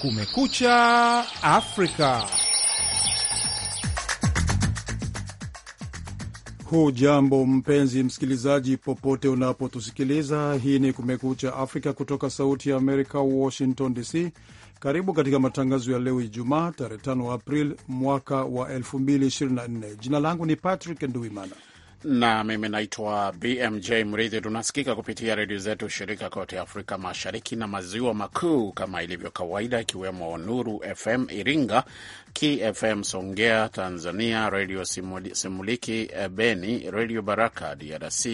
Kumekucha Afrika. Hujambo mpenzi msikilizaji, popote unapotusikiliza. Hii ni Kumekucha Afrika kutoka Sauti ya Amerika, Washington DC. Karibu katika matangazo ya leo Ijumaa, tarehe 5 april mwaka wa 2024. Jina langu ni Patrick Nduimana na mimi naitwa BMJ Mridhi. Tunasikika kupitia redio zetu shirika kote Afrika Mashariki na Maziwa Makuu kama ilivyo kawaida, ikiwemo Nuru FM Iringa, KFM Songea Tanzania, Redio Simuliki eh, Beni, Redio Baraka DRC,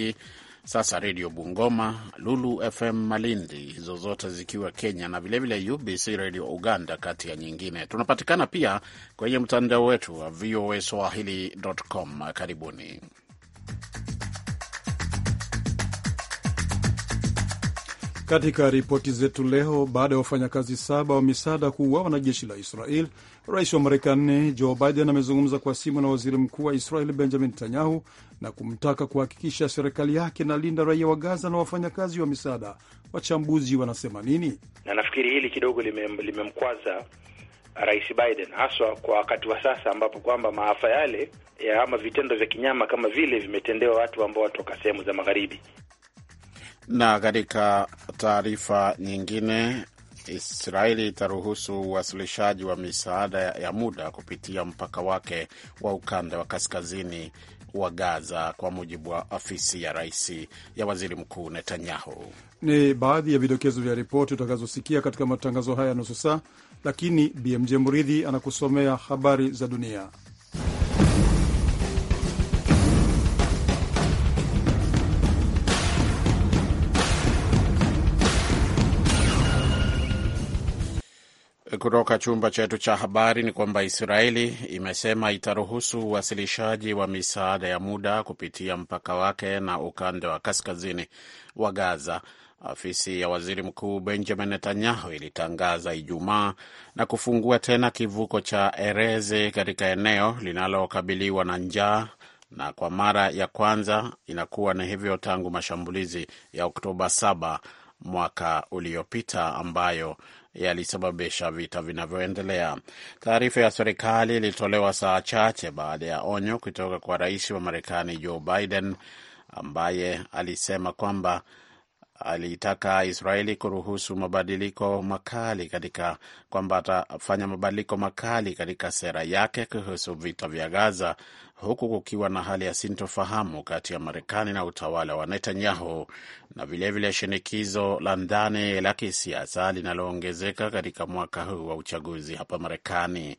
sasa Redio Bungoma, Lulu FM Malindi, hizo zote zikiwa Kenya, na vilevile UBC Redio Uganda, kati ya nyingine. Tunapatikana pia kwenye mtandao wetu wa VOA Swahili.com. Karibuni. Katika ripoti zetu leo, baada ya wafanyakazi saba wa misaada kuuawa na jeshi la Israel, rais wa Marekani Joe Biden amezungumza kwa simu na waziri mkuu wa Israel Benjamin Netanyahu na kumtaka kuhakikisha serikali yake inalinda raia wa Gaza na wafanyakazi wa misaada. Wachambuzi wanasema nini? Na nafikiri hili kidogo limemkwaza lime Rais Biden, haswa kwa wakati wa sasa ambapo kwamba maafa yale ya ama vitendo vya kinyama kama vile vimetendewa watu ambao watoka sehemu za magharibi. Na katika taarifa nyingine, Israeli itaruhusu uwasilishaji wa misaada ya muda kupitia mpaka wake wa ukanda wa kaskazini wa Gaza kwa mujibu wa afisi ya rais ya waziri mkuu Netanyahu. Ni baadhi ya vidokezo vya ripoti utakazosikia katika matangazo haya nusu saa lakini BMJ Muridhi anakusomea habari za dunia. Kutoka chumba chetu cha habari ni kwamba Israeli imesema itaruhusu uwasilishaji wa misaada ya muda kupitia mpaka wake na ukanda wa kaskazini wa Gaza afisi ya waziri mkuu Benjamin Netanyahu ilitangaza Ijumaa na kufungua tena kivuko cha Ereze katika eneo linalokabiliwa na njaa, na kwa mara ya kwanza inakuwa ni hivyo tangu mashambulizi ya Oktoba 7 mwaka uliopita ambayo yalisababisha vita vinavyoendelea. Taarifa ya serikali ilitolewa saa chache baada ya onyo kutoka kwa rais wa Marekani Joe Biden ambaye alisema kwamba aliitaka Israeli kuruhusu mabadiliko makali katika kwamba atafanya mabadiliko makali katika sera yake kuhusu vita vya Gaza, huku kukiwa na hali ya sintofahamu kati ya Marekani na utawala wa Netanyahu na vilevile vile shinikizo la ndani la kisiasa linaloongezeka katika mwaka huu wa uchaguzi hapa Marekani.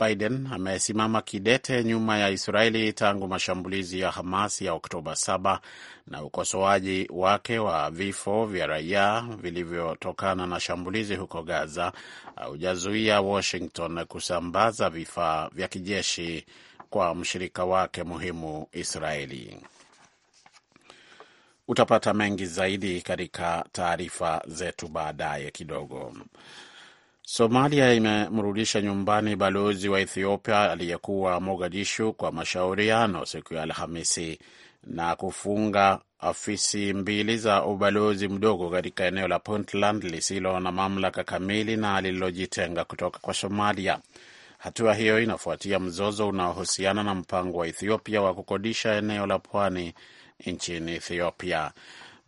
Biden amesimama kidete nyuma ya Israeli tangu mashambulizi ya Hamas ya Oktoba 7 na ukosoaji wake wa vifo vya raia vilivyotokana na shambulizi huko Gaza haujazuia Washington kusambaza vifaa vya kijeshi kwa mshirika wake muhimu Israeli. Utapata mengi zaidi katika taarifa zetu baadaye kidogo. Somalia imemrudisha nyumbani balozi wa Ethiopia aliyekuwa Mogadishu kwa mashauriano siku ya Alhamisi na kufunga afisi mbili za ubalozi mdogo katika eneo la Puntland lisilo na mamlaka kamili na lililojitenga kutoka kwa Somalia. Hatua hiyo inafuatia mzozo unaohusiana na mpango wa Ethiopia wa kukodisha eneo la pwani nchini Ethiopia.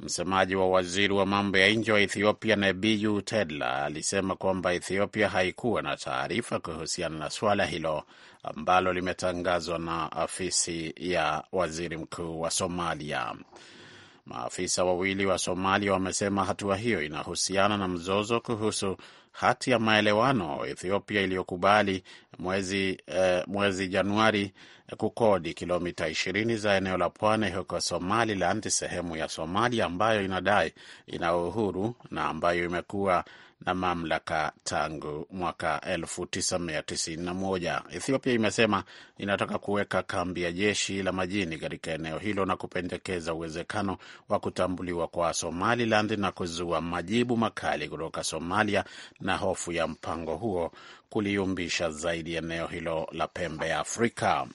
Msemaji wa waziri wa mambo ya nje wa Ethiopia Nebiyu Tedla alisema kwamba Ethiopia haikuwa na taarifa kuhusiana na suala hilo ambalo limetangazwa na afisi ya waziri mkuu wa Somalia. Maafisa wawili wa Somalia wamesema hatua hiyo inahusiana na mzozo kuhusu hati ya maelewano Ethiopia iliyokubali mwezi, eh, mwezi Januari kukodi kilomita 20 za eneo la pwani huko Somaliland, sehemu ya Somalia ambayo inadai ina uhuru na ambayo imekuwa na mamlaka tangu mwaka 1991. Ethiopia imesema inataka kuweka kambi ya jeshi la majini katika eneo hilo na kupendekeza uwezekano wa kutambuliwa kwa Somaliland na kuzua majibu makali kutoka Somalia, na hofu ya mpango huo kuliumbisha zaidi eneo hilo la pembe ya Afrika.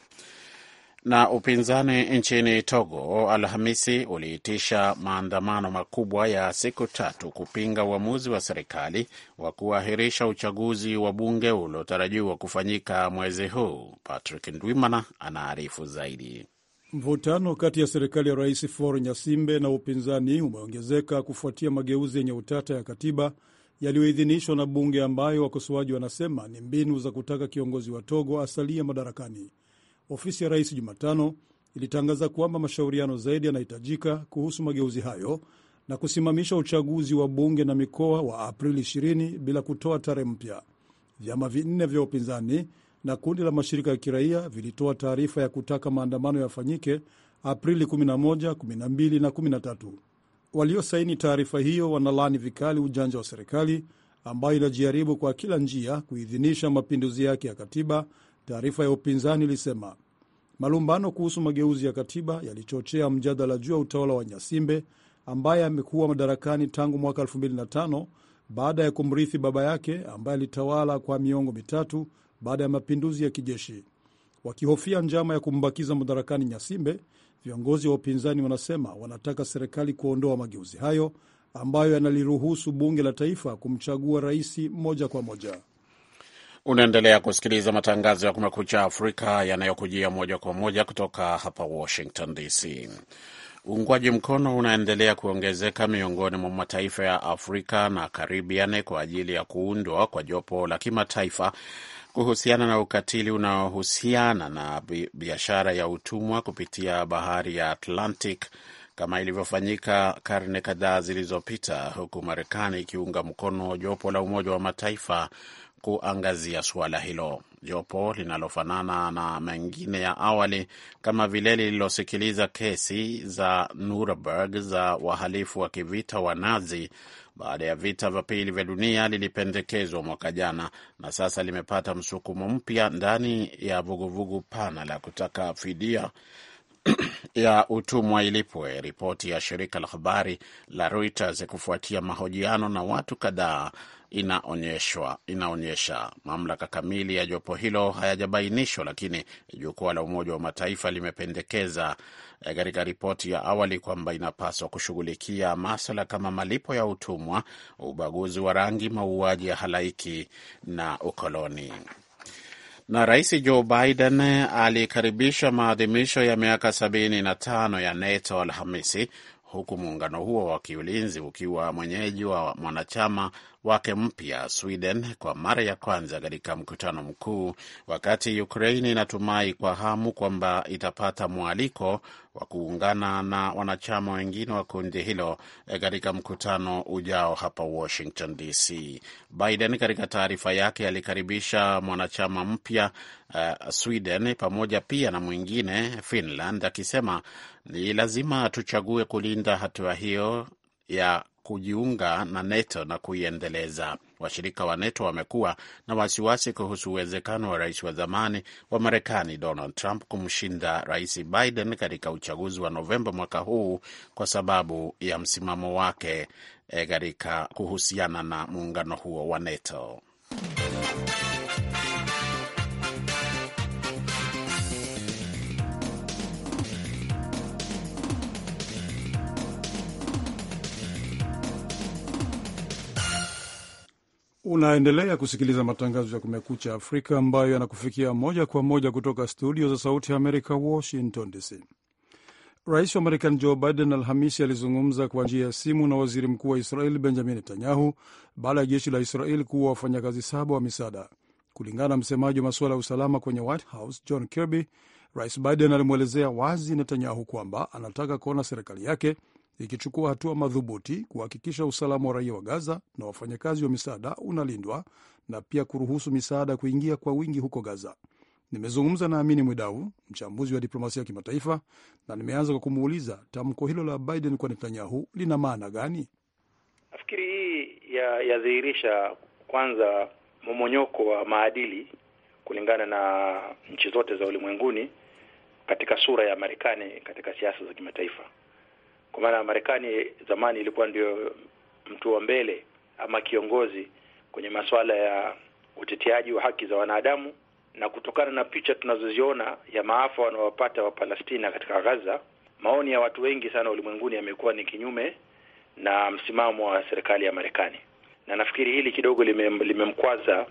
Na upinzani nchini Togo Alhamisi uliitisha maandamano makubwa ya siku tatu kupinga uamuzi wa serikali wa kuahirisha uchaguzi wa bunge uliotarajiwa kufanyika mwezi huu. Patrick Ndwimana anaarifu zaidi. Mvutano kati ya serikali ya Rais Faure Nyasimbe na upinzani umeongezeka kufuatia mageuzi yenye utata ya katiba yaliyoidhinishwa na bunge ambayo wakosoaji wanasema ni mbinu za kutaka kiongozi wa Togo asalia madarakani. Ofisi ya rais Jumatano ilitangaza kwamba mashauriano zaidi yanahitajika kuhusu mageuzi hayo na kusimamisha uchaguzi wa bunge na mikoa wa Aprili 20 bila kutoa tarehe mpya. Vyama vinne vya upinzani na kundi la mashirika ya kiraia vilitoa taarifa ya kutaka maandamano yafanyike Aprili 11, 12 na 13. Waliosaini taarifa hiyo wanalaani vikali ujanja wa serikali ambayo inajaribu kwa kila njia kuidhinisha mapinduzi yake ya katiba Taarifa ya upinzani ilisema malumbano kuhusu mageuzi ya katiba yalichochea mjadala juu ya utawala wa Nyasimbe ambaye amekuwa madarakani tangu mwaka 2005 baada ya kumrithi baba yake ambaye alitawala kwa miongo mitatu baada ya mapinduzi ya kijeshi. Wakihofia njama ya kumbakiza madarakani Nyasimbe, viongozi wa upinzani wanasema wanataka serikali kuondoa mageuzi hayo ambayo yanaliruhusu bunge la taifa kumchagua rais moja kwa moja. Unaendelea kusikiliza matangazo ya Kumekucha Afrika yanayokujia moja kwa moja kutoka hapa Washington DC. Uungwaji mkono unaendelea kuongezeka miongoni mwa mataifa ya Afrika na karibian kwa ajili ya kuundwa kwa jopo la kimataifa kuhusiana na ukatili unaohusiana na biashara ya utumwa kupitia bahari ya Atlantic kama ilivyofanyika karne kadhaa zilizopita, huku Marekani ikiunga mkono jopo la Umoja wa Mataifa kuangazia suala hilo. Jopo linalofanana na mengine ya awali kama vile lililosikiliza kesi za Nuremberg za wahalifu wa kivita wa Nazi baada ya vita vya pili vya dunia lilipendekezwa mwaka jana na sasa limepata msukumo mpya ndani ya vuguvugu pana la kutaka fidia ya utumwa ilipwe. Ripoti ya shirika la habari la Reuters kufuatia mahojiano na watu kadhaa inaonyeshwa inaonyesha. Mamlaka kamili ya jopo hilo hayajabainishwa, lakini jukwaa la Umoja wa Mataifa limependekeza eh, katika ripoti ya awali kwamba inapaswa kushughulikia maswala kama malipo ya utumwa, ubaguzi wa rangi, mauaji ya halaiki na ukoloni na Rais Joe Biden alikaribisha maadhimisho ya miaka 75 ya NATO Alhamisi, huku muungano huo wa kiulinzi ukiwa mwenyeji wa mwanachama wake mpya Sweden kwa mara ya kwanza katika mkutano mkuu, wakati ukrain inatumai kwa hamu kwamba itapata mwaliko wa kuungana na wanachama wengine wa kundi hilo eh, katika mkutano ujao hapa Washington DC. Biden katika taarifa yake alikaribisha mwanachama mpya uh, Sweden pamoja pia na mwingine Finland, akisema ni lazima tuchague kulinda hatua hiyo ya kujiunga na NATO na kuiendeleza. Washirika wa NATO wamekuwa na wasiwasi kuhusu uwezekano wa rais wa zamani wa Marekani Donald Trump kumshinda Rais Biden katika uchaguzi wa Novemba mwaka huu kwa sababu ya msimamo wake eh, katika kuhusiana na muungano huo wa NATO. Unaendelea kusikiliza matangazo ya Kumekucha Afrika ambayo yanakufikia moja kwa moja kutoka studio za Sauti ya Amerika, Washington DC. Rais wa Marekani Joe Biden Alhamisi alizungumza kwa njia ya simu na waziri mkuu wa israel Benjamin Netanyahu baada ya jeshi la Israeli kuwa wafanyakazi saba wa misaada, kulingana na msemaji wa masuala ya usalama kwenye White House John Kirby. Rais Biden alimwelezea wazi Netanyahu kwamba anataka kuona serikali yake ikichukua hatua madhubuti kuhakikisha usalama wa raia wa Gaza na wafanyakazi wa misaada unalindwa na pia kuruhusu misaada kuingia kwa wingi huko Gaza. Nimezungumza na Amini Mwidau, mchambuzi wa diplomasia ya kimataifa, na nimeanza kwa kumuuliza tamko hilo la Biden kwa Netanyahu lina maana gani? Nafikiri hii yadhihirisha kwanza momonyoko wa maadili kulingana na nchi zote za ulimwenguni katika sura ya Marekani katika siasa za kimataifa kwa maana Marekani zamani ilikuwa ndio mtu wa mbele ama kiongozi kwenye masuala ya uteteaji wa haki za wanadamu, na kutokana na picha tunazoziona ya maafa wanaowapata Wapalestina katika Gaza, maoni ya watu wengi sana ulimwenguni yamekuwa ni kinyume na msimamo wa serikali ya Marekani, na nafikiri hili kidogo limemkwaza lime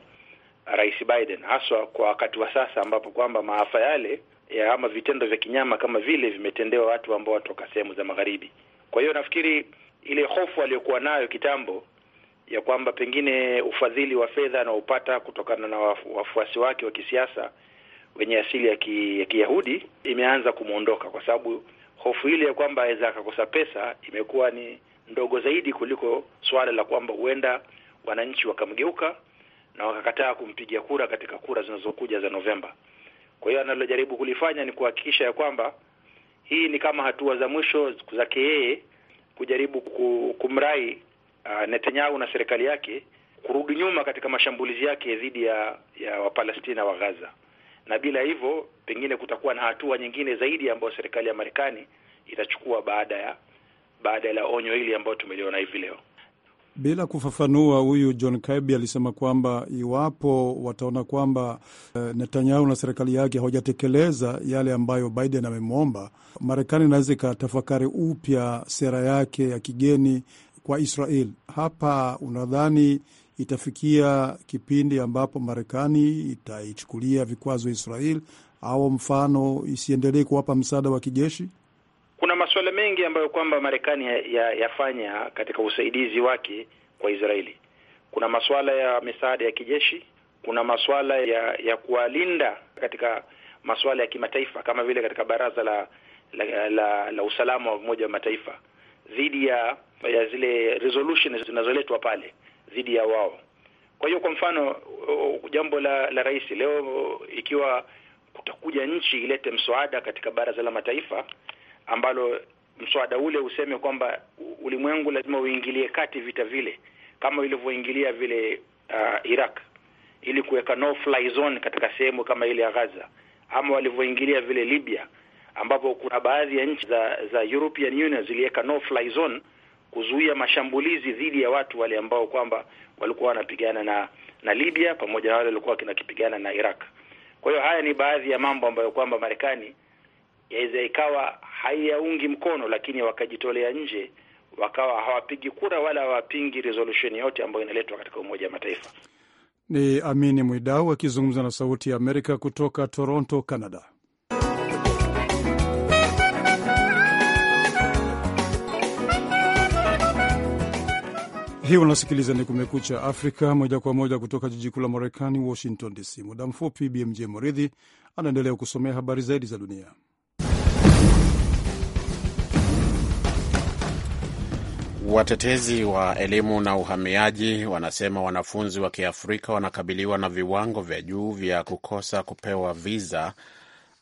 Rais Biden haswa kwa wakati wa sasa ambapo kwamba maafa yale ya ama vitendo vya kinyama kama vile vimetendewa watu ambao watoka sehemu za magharibi. Kwa hiyo nafikiri ile hofu aliyokuwa nayo kitambo ya kwamba pengine ufadhili wa fedha anaopata kutokana na wafuasi wake wa kisiasa wenye asili ya, ki, ya Kiyahudi imeanza kumwondoka, kwa sababu hofu ile ya kwamba aweza akakosa pesa imekuwa ni ndogo zaidi kuliko suala la kwamba huenda wananchi wakamgeuka na wakakataa kumpigia kura katika kura zinazokuja za Novemba. Kwa hiyo analojaribu kulifanya ni kuhakikisha ya kwamba hii ni kama hatua za mwisho zake yeye kujaribu kumrai uh, Netanyahu na serikali yake kurudi nyuma katika mashambulizi yake dhidi ya ya Wapalestina wa Gaza, na bila hivyo pengine kutakuwa na hatua nyingine zaidi ambayo serikali ya Marekani itachukua baada ya baada ya la onyo hili ambayo tumeliona hivi leo. Bila kufafanua, huyu John Kirby alisema kwamba iwapo wataona kwamba eh, Netanyahu na serikali yake hawajatekeleza yale ambayo Biden amemwomba, Marekani inaweza ikatafakari upya sera yake ya kigeni kwa Israel. Hapa unadhani itafikia kipindi ambapo Marekani itaichukulia vikwazo Israel au mfano isiendelee kuwapa msaada wa kijeshi? masuala mengi ambayo kwamba Marekani yafanya ya, ya katika usaidizi wake kwa Israeli. Kuna masuala ya misaada ya kijeshi, kuna masuala ya, ya kuwalinda katika masuala ya kimataifa kama vile katika baraza la la, la, la usalama wa Umoja wa Mataifa dhidi ya, ya zile resolutions zinazoletwa pale dhidi ya wao. Kwa hiyo kwa mfano jambo la, la rais leo, ikiwa kutakuja nchi ilete mswada katika baraza la mataifa ambalo mswada ule useme kwamba ulimwengu lazima uingilie kati vita vile kama ilivyoingilia vile uh, Iraq ili kuweka no fly zone katika sehemu kama ile ya Gaza, ama walivyoingilia vile Libya, ambapo kuna baadhi ya nchi za za European Union ziliweka no fly zone kuzuia mashambulizi dhidi ya watu wale ambao kwamba walikuwa wanapigana na na Libya pamoja na wale walikuwa wakipigana na Iraq. Kwa hiyo haya ni baadhi ya mambo ambayo kwamba Marekani yaweza ikawa haiyaungi mkono, lakini wakajitolea nje, wakawa hawapigi kura wala hawapingi resolution yote ambayo inaletwa katika Umoja wa Mataifa. Ni Amini Mwidau akizungumza na Sauti ya Amerika kutoka Toronto, Canada. Hii unasikiliza ni Kumekucha Afrika, moja kwa moja kutoka jiji kuu la Marekani, Washington DC. Muda mfupi BMJ Moridhi anaendelea kusomea habari zaidi za dunia. Watetezi wa elimu na uhamiaji wanasema wanafunzi wa Kiafrika wanakabiliwa na viwango vya juu vya kukosa kupewa viza,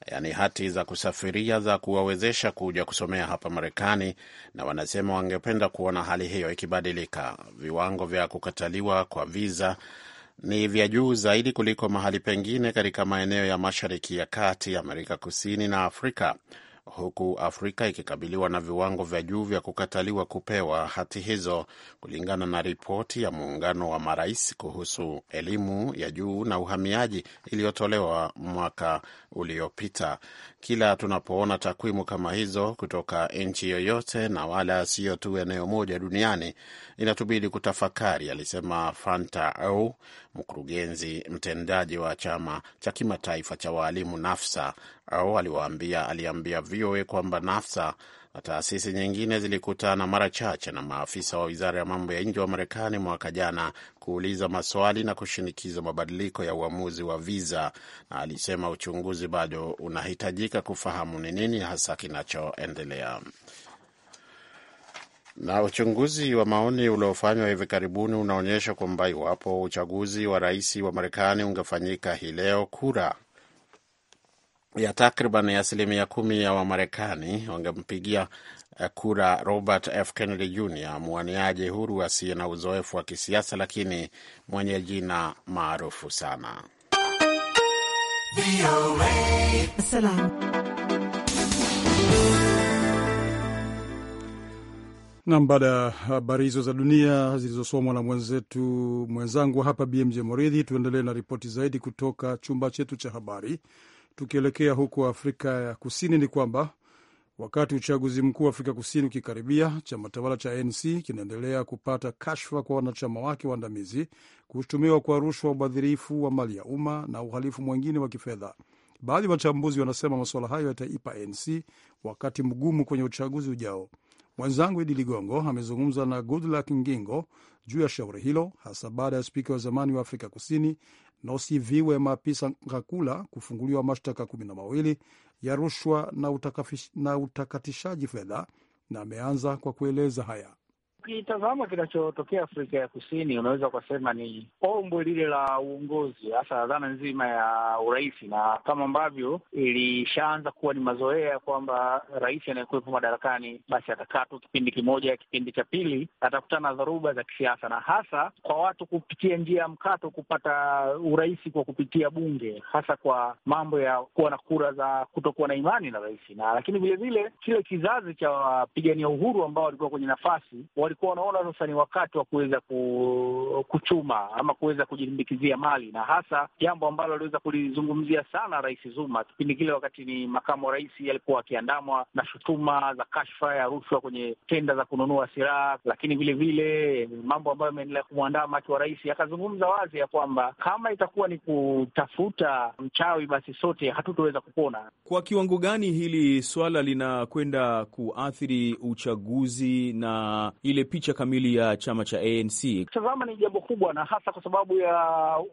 yaani hati za kusafiria za kuwawezesha kuja kusomea hapa Marekani, na wanasema wangependa kuona hali hiyo ikibadilika. Viwango vya kukataliwa kwa viza ni vya juu zaidi kuliko mahali pengine katika maeneo ya Mashariki ya Kati, Amerika Kusini na Afrika huku Afrika ikikabiliwa na viwango vya juu vya kukataliwa kupewa hati hizo, kulingana na ripoti ya muungano wa marais kuhusu elimu ya juu na uhamiaji iliyotolewa mwaka uliopita. Kila tunapoona takwimu kama hizo kutoka nchi yoyote, na wala siyo tu eneo moja duniani, inatubidi kutafakari, alisema Fanta au Mkurugenzi mtendaji wa chama cha kimataifa cha waalimu NAFSA au aliwaambia aliambia VOA kwamba NAFSA na taasisi nyingine zilikutana mara chache na maafisa wa wizara ya mambo ya nje wa Marekani mwaka jana kuuliza maswali na kushinikiza mabadiliko ya uamuzi wa viza, na alisema uchunguzi bado unahitajika kufahamu ni nini hasa kinachoendelea. Na uchunguzi wa maoni uliofanywa hivi karibuni unaonyesha kwamba iwapo uchaguzi wa rais wa Marekani ungefanyika hii leo, kura ya takriban asilimia kumi ya Wamarekani wangempigia eh, kura Robert F. Kennedy Jr, mwaniaji huru asiye na uzoefu wa kisiasa, lakini mwenye jina maarufu sana. Nam, baada ya habari hizo za dunia zilizosomwa na mwenzetu mwenzangu hapa BMJ Moridhi, tuendelee na ripoti zaidi kutoka chumba chetu cha habari. Tukielekea huko Afrika ya Kusini, ni kwamba wakati uchaguzi mkuu wa Afrika Kusini ukikaribia, chama tawala cha ANC kinaendelea kupata kashfa kwa wanachama wake waandamizi kushutumiwa kwa rushwa, ubadhirifu wa mali ya umma na uhalifu mwingine wa kifedha. Baadhi ya wachambuzi wanasema masuala hayo yataipa ANC wakati mgumu kwenye uchaguzi ujao. Mwenzangu Idi Ligongo amezungumza na Goodluck Ngingo juu ya shauri hilo, hasa baada ya spika wa zamani wa Afrika Kusini Nosiviwe Mapisa-Ngakula kufunguliwa mashtaka kumi na mawili ya rushwa na utakatishaji fedha, na ameanza kwa kueleza haya. Ukitazama kinachotokea Afrika ya Kusini, unaweza ukasema ni ombwe lile la uongozi, hasa dhana nzima ya urais, na kama ambavyo ilishaanza kuwa ni mazoea kwamba rais anayekuwepo madarakani basi atakaa tu kipindi kimoja, kipindi cha pili atakutana na dharuba za kisiasa, na hasa kwa watu kupitia njia ya mkato kupata urais kwa kupitia bunge, hasa kwa mambo ya kuwa na kura za kutokuwa na imani na rais, na lakini vilevile kile kizazi cha wapigania uhuru ambao walikuwa kwenye nafasi wali walikuwa wanaona sasa ni wakati wa kuweza kuchuma ama kuweza kujilimbikizia mali, na hasa jambo ambalo aliweza kulizungumzia sana Rais Zuma kipindi kile, wakati ni makamu wa rais, alikuwa akiandamwa na shutuma za kashfa ya rushwa kwenye tenda za kununua silaha, lakini vilevile mambo ambayo ameendelea kumwandaa akiwa rais. Akazungumza wazi ya kwamba kama itakuwa ni kutafuta mchawi, basi sote hatutoweza kupona. Kwa kiwango gani hili swala linakwenda kuathiri uchaguzi na ile ile picha kamili ya chama cha ANC? Tazama, ni jambo kubwa, na hasa kwa sababu ya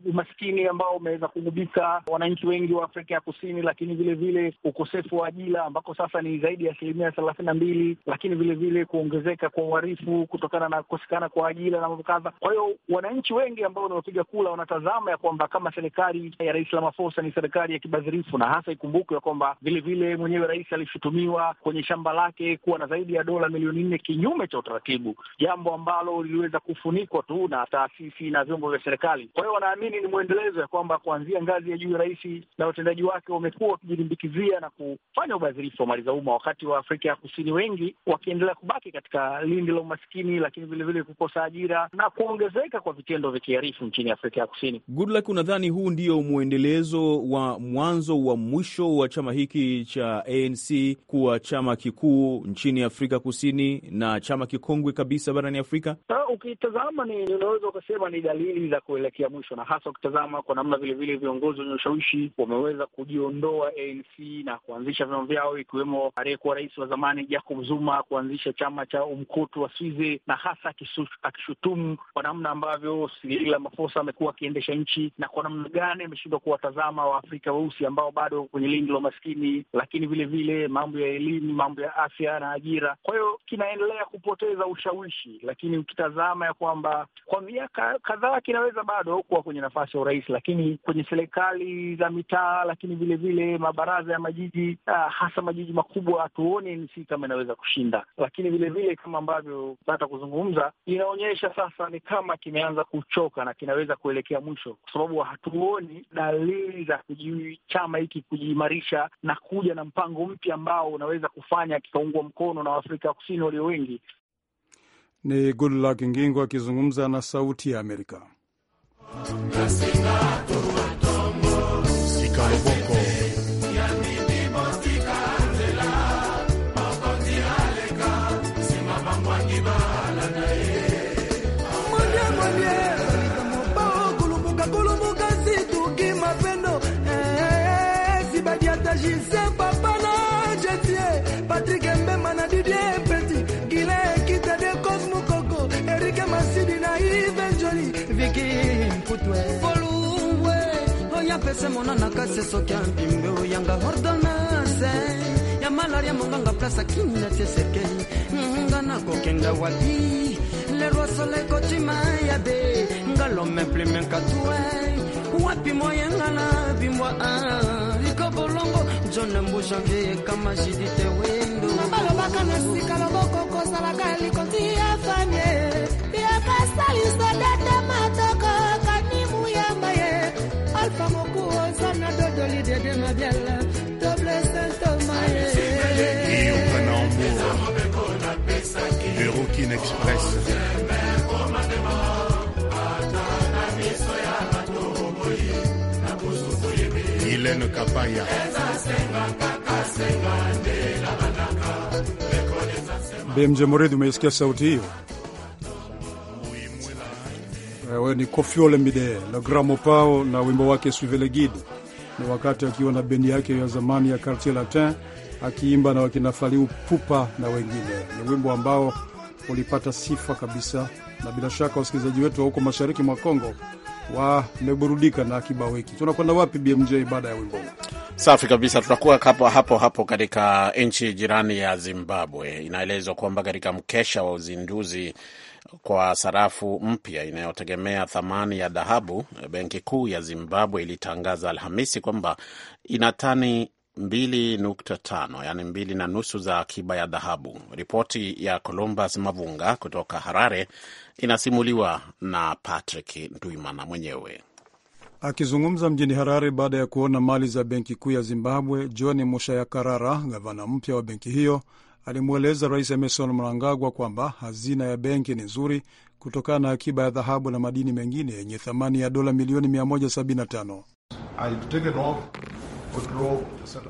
umaskini ambao umeweza kugubika wananchi wengi wa Afrika ya Kusini, lakini vilevile ukosefu wa ajira ambako sasa ni zaidi ya asilimia thelathini na mbili, lakini vilevile kuongezeka kwa uharifu kutokana na kukosekana kwa ajira na mambo kadha. Kwa hiyo wananchi wengi ambao wapiga kula wanatazama ya kwamba kama serikali ya Rais Ramaphosa ni serikali ya kibadhirifu, na hasa ikumbukwe ya kwamba vilevile mwenyewe rais alishutumiwa kwenye shamba lake kuwa na zaidi ya dola milioni nne kinyume cha utaratibu jambo ambalo liliweza kufunikwa tu na taasisi na vyombo vya serikali. Kwa hiyo wanaamini ni mwendelezo ya kwamba kuanzia ngazi ya juu ya rais na watendaji wake wamekuwa wakijilimbikizia na kufanya ubadhirifu wa mali za umma, wakati wa Afrika ya Kusini wengi wakiendelea kubaki katika lindi la umaskini, lakini vilevile kukosa ajira na kuongezeka kwa vitendo vya kiharifu nchini Afrika ya Kusini. Good unadhani huu ndio mwendelezo wa mwanzo wa mwisho wa chama hiki cha ANC kuwa chama kikuu nchini Afrika Kusini na chama kikongwe kabisa barani Afrika? Ukitazama ni unaweza ukasema ni dalili za kuelekea mwisho, na hasa ukitazama kwa namna vilevile viongozi wenye ushawishi wameweza kujiondoa ANC na kuanzisha vyama vyao, ikiwemo aliyekuwa rais wa zamani Jacob Zuma kuanzisha chama cha Umkhonto wa Sizwe, na hasa akishutumu kwa namna ambavyo Cyril Ramaphosa amekuwa akiendesha nchi na kwa namna gani ameshindwa kuwatazama Waafrika weusi ambao bado kwenye lingi la maskini, lakini vilevile mambo ya elimu, mambo ya afya na ajira. Kwa hiyo kinaendelea kupoteza ushawishi ushawishi, lakini ukitazama ya kwamba kwa miaka kadhaa kinaweza bado kuwa kwenye nafasi ya urais, lakini kwenye serikali za mitaa, lakini vilevile mabaraza ya majiji uh, hasa majiji makubwa, hatuone NC kama inaweza kushinda. Lakini vilevile kama ambavyo hata kuzungumza, inaonyesha sasa ni kama kimeanza kuchoka na kinaweza kuelekea mwisho, kwa sababu hatuoni dalili za chama hiki kujiimarisha na kuja na mpango mpya ambao unaweza kufanya kikaungwa mkono na Waafrika Kusini walio wengi. Ni Gudla Kingingo akizungumza na Sauti ya Amerika. pese mona kasi soki oyanga ordonase ya malaria monganga plasa wapi lero nga lome katue wapi moyenga na john mbu janvier kama jidite wendo balobaka na sika likoti ya Orient Express. Ilen Kapaya BMJ Muridhi, umeisikia sauti hiyo? Wewe ni Koffi Olomide la Gramo Pao na wimbo wake Suivez le Guide. Ni wakati akiwa na bendi yake ya zamani ya Quartier Latin akiimba na wakina pupa na wengine. Ni wimbo ambao ulipata sifa kabisa, na bila shaka wasikilizaji wetu wa huko mashariki mwa Kongo wameburudika na kibao hiki. Tunakwenda wapi BMJ baada ya wimbo? Safi kabisa, tutakuwa hapo hapo hapo katika nchi jirani ya Zimbabwe. Inaelezwa kwamba katika mkesha wa uzinduzi kwa sarafu mpya inayotegemea thamani ya dhahabu, benki kuu ya Zimbabwe ilitangaza Alhamisi kwamba ina tani 2.5 yani mbili na nusu za akiba ya dhahabu. Ripoti ya Columbus Mavunga kutoka Harare inasimuliwa na Patrick Ndwimana mwenyewe akizungumza mjini Harare baada ya kuona mali za benki kuu ya Zimbabwe. John Mushayakarara, gavana mpya wa benki hiyo, alimweleza Rais Emerson Mnangagwa kwamba hazina ya benki ni nzuri kutokana na akiba ya dhahabu na madini mengine yenye thamani ya dola milioni 175.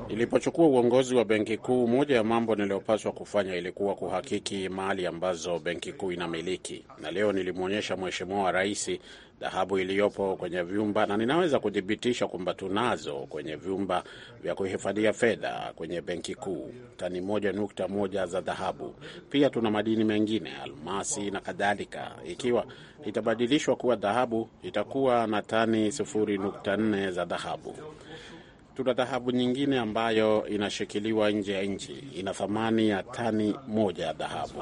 Ilipochukua uongozi wa benki kuu, moja ya mambo niliyopaswa kufanya ilikuwa kuhakiki mali ambazo benki kuu inamiliki, na leo nilimwonyesha Mheshimiwa Rais dhahabu iliyopo kwenye vyumba, na ninaweza kuthibitisha kwamba tunazo kwenye vyumba vya kuhifadhia fedha kwenye benki kuu tani moja nukta moja za dhahabu. Pia tuna madini mengine, almasi na kadhalika. Ikiwa itabadilishwa kuwa dhahabu, itakuwa na tani sifuri nukta nne za dhahabu. Tuna dhahabu nyingine ambayo inashikiliwa nje ya nchi, ina thamani ya tani moja ya dhahabu.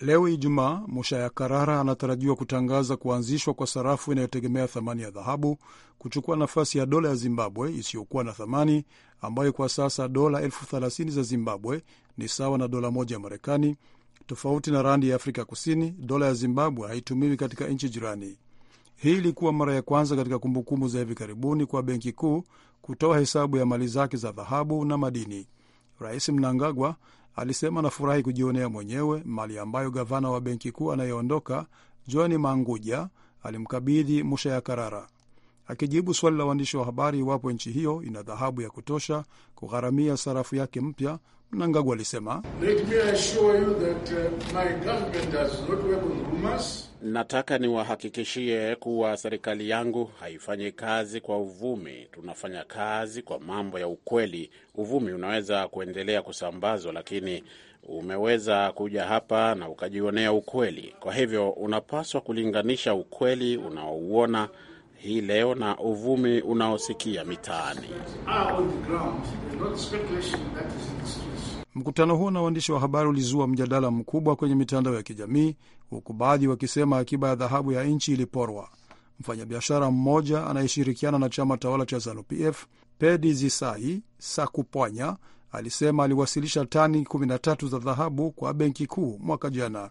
Leo Ijumaa, ya Karara anatarajiwa kutangaza kuanzishwa kwa sarafu inayotegemea thamani ya dhahabu kuchukua nafasi ya dola ya Zimbabwe isiyokuwa na thamani, ambayo kwa sasa dola elfu thelathini za Zimbabwe ni sawa na dola moja ya Marekani. Tofauti na randi ya Afrika Kusini, dola ya Zimbabwe haitumiwi katika nchi jirani. Hii ilikuwa mara ya kwanza katika kumbukumbu za hivi karibuni kwa benki kuu kutoa hesabu ya mali zake za dhahabu na madini. Rais Mnangagwa alisema anafurahi kujionea mwenyewe mali ambayo gavana wa benki kuu anayeondoka John Manguja alimkabidhi ya Karara. Akijibu swali la waandishi wa habari iwapo nchi hiyo ina dhahabu ya kutosha kugharamia sarafu yake mpya Nangagu alisema uh, nataka niwahakikishie kuwa serikali yangu haifanyi kazi kwa uvumi. Tunafanya kazi kwa mambo ya ukweli. Uvumi unaweza kuendelea kusambazwa, lakini umeweza kuja hapa na ukajionea ukweli. Kwa hivyo unapaswa kulinganisha ukweli unaouona hii leo na uvumi unaosikia mitaani. Mkutano huo na waandishi wa habari ulizua mjadala mkubwa kwenye mitandao ya kijamii, huku baadhi wakisema akiba ya dhahabu ya nchi iliporwa. Mfanyabiashara mmoja anayeshirikiana na chama tawala cha ZANUPF Pedi Zisai Sakupwanya alisema aliwasilisha tani 13 za dhahabu kwa benki kuu mwaka jana.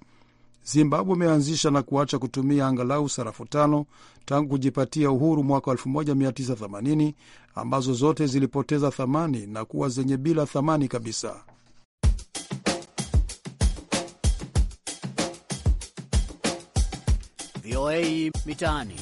Zimbabwe imeanzisha na kuacha kutumia angalau sarafu tano tangu kujipatia uhuru mwaka 1980 ambazo zote zilipoteza thamani na kuwa zenye bila thamani kabisa. VOA Mitaani.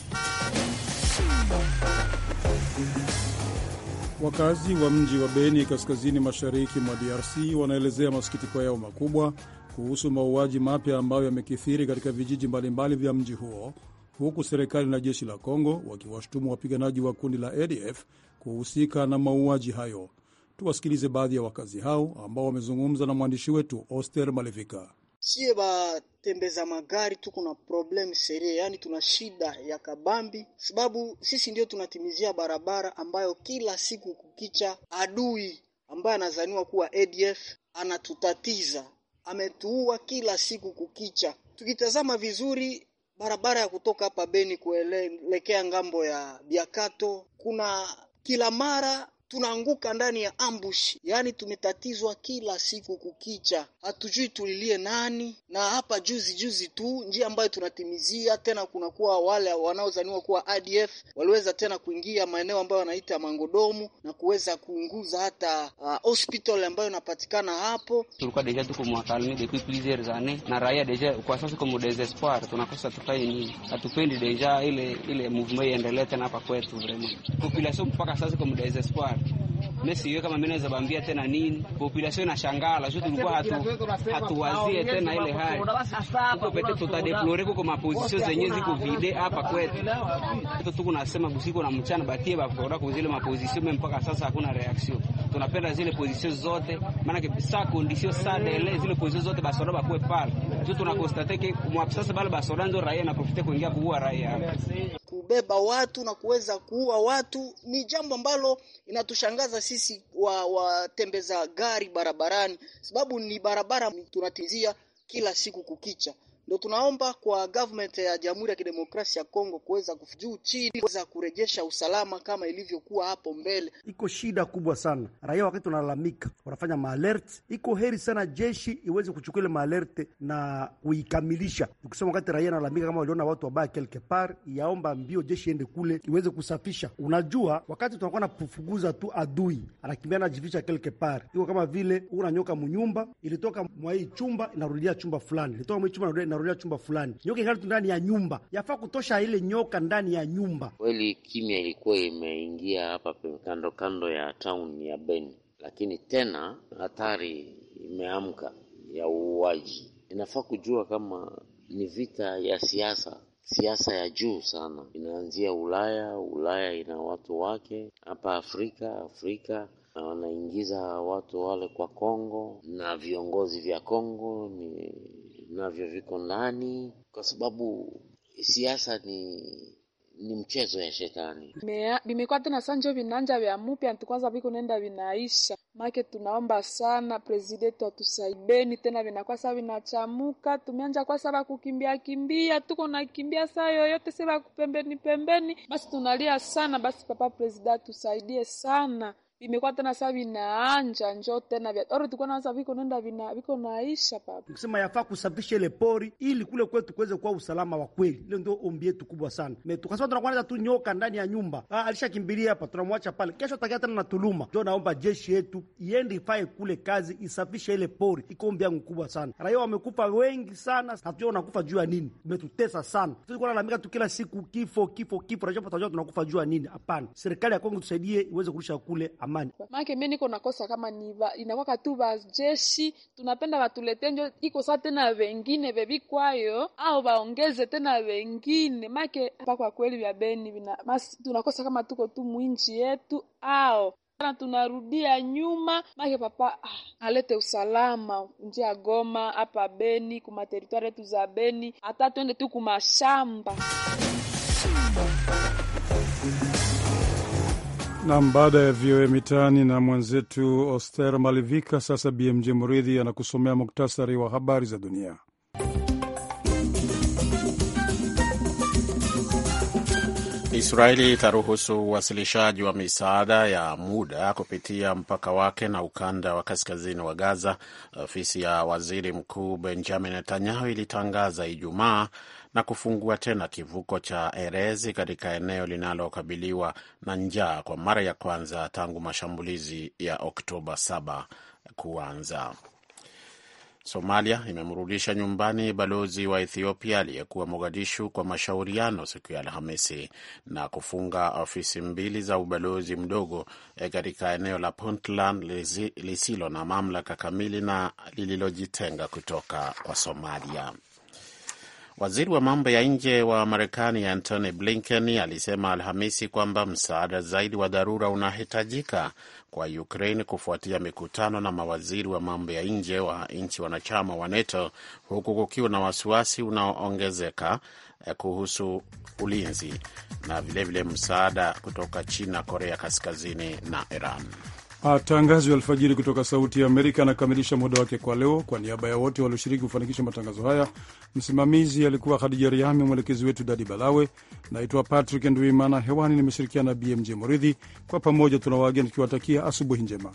Wakazi wa mji wa Beni kaskazini mashariki mwa DRC wanaelezea masikitiko yao makubwa kuhusu mauaji mapya ambayo yamekithiri katika vijiji mbalimbali vya mji huo, huku serikali na jeshi la Kongo wakiwashutumu wapiganaji wa kundi la ADF kuhusika na mauaji hayo. Tuwasikilize baadhi ya wakazi hao ambao wamezungumza na mwandishi wetu Oster Malevika sie batembeza magari tu kuna problem serie, yani tuna shida ya kabambi, sababu sisi ndio tunatimizia barabara ambayo kila siku kukicha adui ambaye anazaniwa kuwa ADF anatutatiza, ametuua kila siku kukicha. Tukitazama vizuri barabara ya kutoka hapa Beni kuelekea ngambo ya Biakato, kuna kila mara tunaanguka ndani ya ambush, yaani tumetatizwa kila siku kukicha, hatujui tulilie nani. Na hapa juzi juzi tu njia ambayo tunatimizia tena, kunakuwa wale wanaozaniwa kuwa ADF waliweza tena kuingia maeneo ambayo wanaita Mangodomu na kuweza kuunguza hata uh, hospital ambayo inapatikana hapo. Tulikuwa deja tuko mwakalini depuis plusieurs années na raia deja kwa sasa kwa desespoir, tunakosa tukae nini, hatupendi deja ile ile movement iendelee tena hapa kwetu, vraiment population mpaka sasa kwa desespoir mimi kama mimi naweza bambia tena nini? Population inashangaa la jote tulikuwa hatu hatuwazie tena ile hali. Huko pete tutadeplore kwa maposition zenye ziko vide hapa kwetu. Tuko tuko nasema usiku na mchana batie bakora kwa zile maposition mimi mpaka sasa hakuna reaction. Tunapenda zile position zote maana kibisa condition sa dele zile position zote basoda bakwe pale. Jote tunakonstate ke mwapsasa bale basoda ndo raia na profite kuingia kuua raia kubeba watu na kuweza kuua watu ni jambo ambalo inatushangaza sisi watembeza wa gari barabarani, sababu ni barabara tunatizia kila siku kukicha. Ndio tunaomba kwa government ya Jamhuri ya Kidemokrasia ya Kongo kuweza juu chini kuweza kurejesha usalama kama ilivyokuwa hapo mbele. Iko shida kubwa sana, raia wakati wanalalamika wanafanya maalert. Iko heri sana jeshi iweze kuchukua ile maalert na kuikamilisha. Ukisema wakati raia analalamika kama waliona watu wabaya quelque part, yaomba mbio jeshi iende kule iweze kusafisha. Unajua, wakati tunakuwa pufuguza tu adui anakimbia najificha quelque part, iko kama vile unanyoka mnyumba, ilitoka mwa hii chumba inarudia chumba fulani, ilitoka mwa chumba inarudia inarudia chumba fulani, nyoka ingali tu ndani ya nyumba, yafaa kutosha ile nyoka ndani ya nyumba. Kweli kimya ilikuwa imeingia hapa kando kando ya town ya Beni, lakini tena hatari imeamka ya uuaji. Inafaa kujua kama ni vita ya siasa siasa ya juu sana inaanzia Ulaya. Ulaya ina watu wake hapa Afrika, Afrika na wanaingiza watu wale kwa Kongo, na viongozi vya Kongo ni navyo viko ndani, kwa sababu siasa ni ni mchezo ya shetani. Vimekuwa tena sanjo vinanja vya mupya kwanza viko nenda vinaisha make, tunaomba sana presidenti atusaibeni tena, vinakuwa saa vinachamuka, tumeanja kwa saba kukimbia kimbia, tuko nakimbia saa yoyote saba kupembeni pembeni, basi tunalia sana, basi papa presidenti atusaidie sana vimekuwa tena sasa vinaanja njo tena vya oro tulikuwa naanza viko nenda vina viko naisha papa, kusema yafaa kusafisha ile pori ili kule kwetu kuweze kuwa usalama wa kweli. Ile ndio ombi yetu kubwa sana me tukasema, sababu tunakuwa tu nyoka ndani ya nyumba. Ah, alishakimbilia hapa, tunamwacha pale, kesho atakaa tena na tuluma. Ndio naomba jeshi yetu iende ifaye kule kazi, isafishe ile pori. Iko ombi yangu kubwa sana. Raia wamekufa wengi sana, hatujua wanakufa juu ya nini, umetutesa sana. Tulikuwa tunalamika tu kila siku kifo kifo kifo, rajapo tunajua tunakufa juu ya nini? Hapana, serikali ya Kongo tusaidie iweze kurusha kule amani. Maana mimi niko nakosa kama ni inakwaka tu vajeshi, tunapenda watulete njo iko saa tena vengine vevikwayo au vaongeze tena vengine make hapa. Kwa kweli vya beni vina mas, tunakosa kama tuko tu mwinji yetu au na tunarudia nyuma make papa ah, alete usalama ya Goma hapa Beni, kuma teritwari yetu za Beni, hata twende tu kumashamba Nam, baada ya VOA e Mitaani na mwenzetu Oster Malivika, sasa BMJ Muridhi anakusomea muktasari wa habari za dunia. Israeli itaruhusu uwasilishaji wa misaada ya muda kupitia mpaka wake na ukanda wa kaskazini wa Gaza, ofisi ya waziri mkuu Benjamin Netanyahu ilitangaza Ijumaa na kufungua tena kivuko cha Erezi katika eneo linalokabiliwa na njaa kwa mara ya kwanza tangu mashambulizi ya Oktoba 7 kuanza. Somalia imemrudisha nyumbani balozi wa Ethiopia aliyekuwa Mogadishu kwa mashauriano siku ya Alhamisi na kufunga ofisi mbili za ubalozi mdogo eh, katika eneo la Puntland lisilo na mamlaka kamili na lililojitenga kutoka kwa Somalia. Waziri wa mambo ya nje wa Marekani Antony Blinken alisema Alhamisi kwamba msaada zaidi wa dharura unahitajika kwa Ukraine kufuatia mikutano na mawaziri wa mambo ya nje wa nchi wanachama wa NATO, huku kukiwa na wasiwasi unaoongezeka eh, kuhusu ulinzi na vilevile vile msaada kutoka China, Korea Kaskazini na Iran. Matangazo ya alfajiri kutoka Sauti ya Amerika anakamilisha muda wake kwa leo. Kwa niaba ya wote walioshiriki kufanikisha matangazo haya, msimamizi alikuwa Khadija Riami, mwelekezi wetu Dadi Balawe. Naitwa Patrick Nduimana, hewani nimeshirikiana na BMJ Muridhi. Kwa pamoja tuna wageni tukiwatakia asubuhi njema.